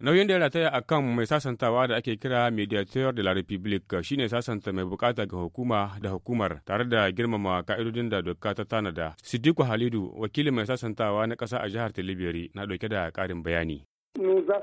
Nauyin da ya rataya a kan mai sasantawa da ake kira Mediateur de la République shine sasanta mai bukata ga hukuma da hukumar tare da girmama ka'idodin da doka ta tanada. Siddiqu Halidu, wakilin mai sasantawa na kasa a jihar Tilibiri, na dauke da karin bayani. Muna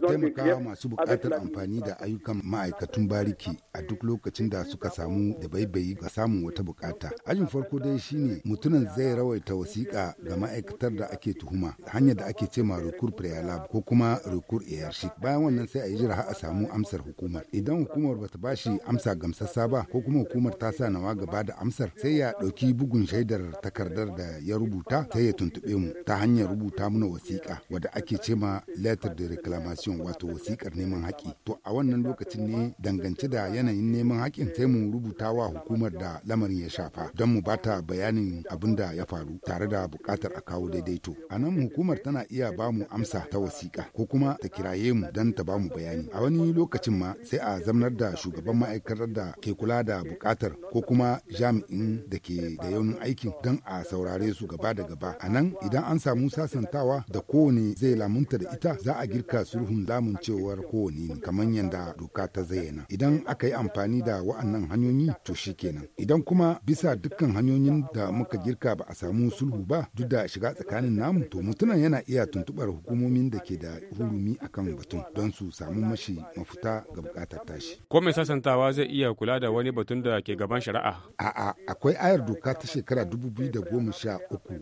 taimakawa masu buƙatar amfani da ayyukan ma'aikatun bariki a duk lokacin da suka samu da baibayi ga samun wata bukata. Ajin farko dai shine mutumin zai rawaita wasiƙa ga ma'aikatar da ake tuhuma hanyar da ake cema rukur prelab ko kuma rukur airship. Bayan wannan sai a yi jira a samu amsar hukumar. Idan hukumar bata bashi amsa gamsassa ba ko kuma hukumar ta sa nawa gaba da amsar sai ya ɗauki bugun shaidar takardar da ya rubuta sai ya tuntuɓe mu ta hanyar rubuta rubuta mana wasiƙa wadda ake ce ma letter de reclamation wato wasiƙar neman haƙi. To a wannan lokacin ne dangance da yanayin neman haƙin sai mu rubuta wa hukumar da lamarin ya shafa don mu bata bayanin abin da ya faru tare da buƙatar a kawo daidaito. A nan hukumar tana iya ba mu amsa ta wasiƙa ko kuma ta kiraye mu don ta ba mu bayani. A wani lokacin ma sai a zamnar da shugaban ma'aikatar da ke kula da buƙatar ko kuma jami'in da ke da yaunin aikin don a saurare su gaba da gaba. A nan idan an samu sasa sasantawa da kowane zai lamunta da ita za a girka sulhun lamuncewar kowane kamar yadda doka ta zayyana. Idan aka yi amfani da wa'annan hanyoyi to shi kenan. Idan kuma bisa dukkan hanyoyin da muka girka ba a samu sulhu ba duk da shiga tsakanin namu to mutunan yana iya tuntubar hukumomin da ke da hurumi akan batun don su samu mashi mafuta ga bukatar tashi. Ko mai sasantawa zai iya kula da wani batun da ke gaban shari'a? A'a akwai ayar doka ta shekara 2013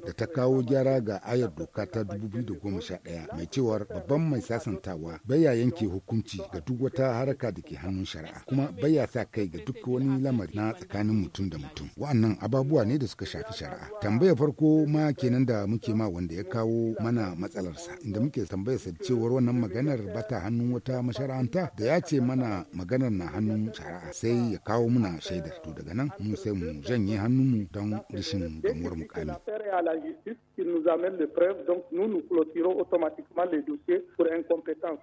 da ta kawo gyara ga ayar doka doka ta 2011 mai cewar babban mai sasantawa baya yanke hukunci ga duk wata haraka da ke hannun shari'a kuma baya sa kai ga duk wani lamari na tsakanin mutum da mutum wa'annan ababuwa ne da suka shafi shari'a tambaya farko ma kenan da muke ma wanda ya kawo mana matsalarsa inda muke tambaya sa cewar wannan maganar bata hannun wata mashara'anta da ya ce mana maganar na hannun shari'a sai ya kawo muna shaidar to daga nan mu sai mu janye hannunmu don rishin damuwar mukami. donc nous, nous clôturons automatiquement les dossiers pour incompétence.